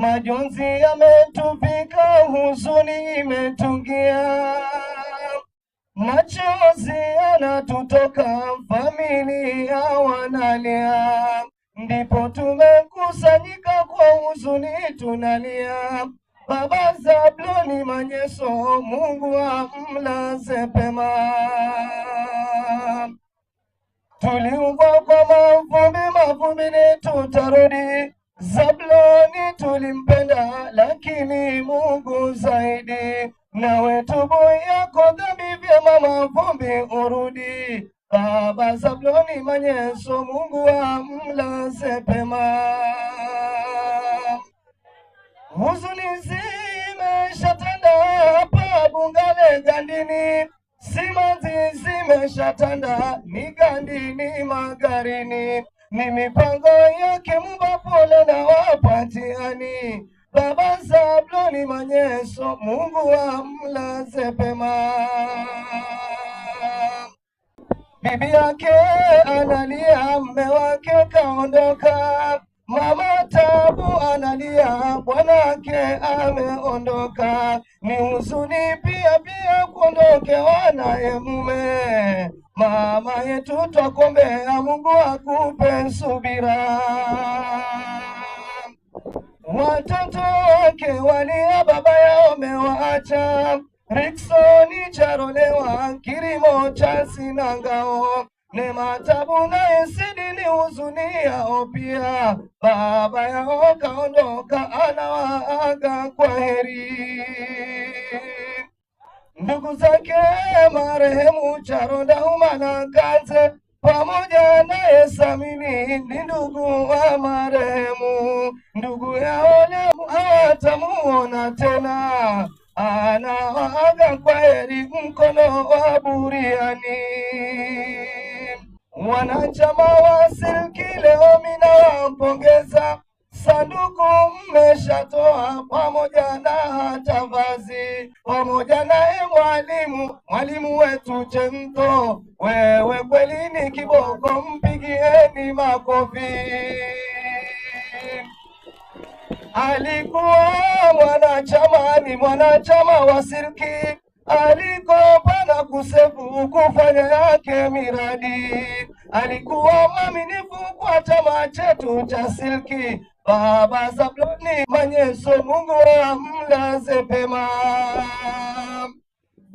Majonzi yametupika, huzuni imetungia, machozi yanatutoka, familia wanalia, ndipo tumekusanyika kwa huzuni tunalia. Baba Zabloni Manyeso, Mungu amlaze pema. Tuliumbwa kwa mavumbi, mavumbini tutarudi. Zabloni wengi tulimpenda lakini Mungu zaidi. Nawe tubu yako dhambi vyema, mavumbi urudi. Baba Zabuloni Manyeso, Mungu amlaze pema. Huzuni zimeshatanda pa Bungale Gandini, simanzi zimeshatanda ni Gandini Magarini, ni mipango yake bibi yake analia, mme wake kaondoka, mama tabu analia, bwanake ameondoka. Ni huzuni pia pia kuondokewa naye mume. Mama yetu twakuombea, Mungu akupe subira. Watoto wake walia, baba yao amewaacha Riksoni charolewa kirimo cha sinangao ne matabu na esidi ni huzuni yao pia baba yao kaondoka anawaaga kwa heri ndugu zake marehemu na kanze pamoja na esamini ni ndugu wa marehemu ndugu yao leo hawatamuona tena anawaaga kwa heri mkono wa buriani. Wanachama wa silki leo mina sanduku mmeshatoa pamoja na hata vazi, pamoja naye mwalimu, mwalimu wetu Chento, wewe kweli ni kiboko, mpigieni makofi. Alikuwa mwanachama, ni mwanachama wa sirki, alikopa na kusefu kufanya yake miradi. Alikuwa mwaminifu kwa chama chetu cha sirki. Baba Sabloni Manyeso, Mungu amlaze pema.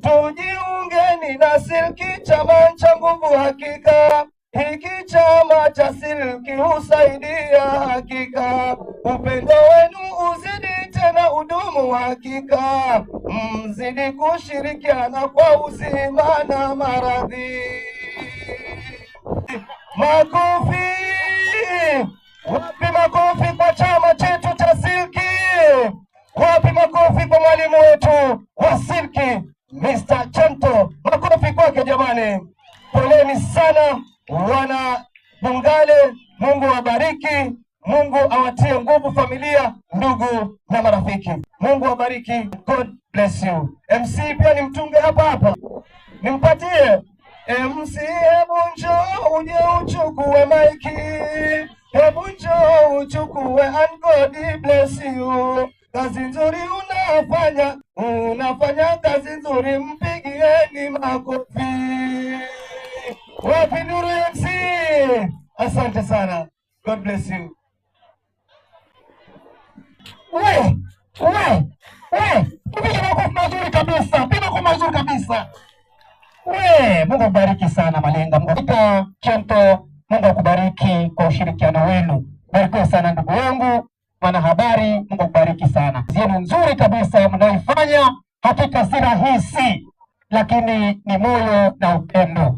Tujiungeni na sirki, chama cha nguvu hakika hiki chama cha silki husaidia hakika, upendo wenu uzidi tena udumu hakika, mzidi kushirikiana kwa uzima na maradhi. Makofi! Wapi makofi kwa chama chetu cha silki? Wapi makofi kwa mwalimu wetu wa silki Mr. Chanto? Makofi kwake jamani, poleni sana wana Bungale, Mungu awabariki, Mungu awatie nguvu familia, ndugu na marafiki. Mungu awabariki. God bless you. MC pia nimtunge hapa hapa, nimpatie MC. Hebu njoo uje uchukue maiki, hebu njoo uchukue, and God bless you. Kazi nzuri unafanya, unafanya kazi nzuri, mpigieni makofi. Wapi Nuru MC. Asante sana. God bless you. We, we, we. Kupiga makofi mazuri kabisa. Piga makofi mazuri kabisa. We, Mungu akubariki sana Malenga. Mungu akubariki Chonto. Mungu akubariki kwa ushirikiano wenu. Barikiwa sana ndugu wangu mwanahabari Mungu akubariki sana. Zenu nzuri kabisa mnaoifanya hakika si rahisi, lakini ni moyo na upendo.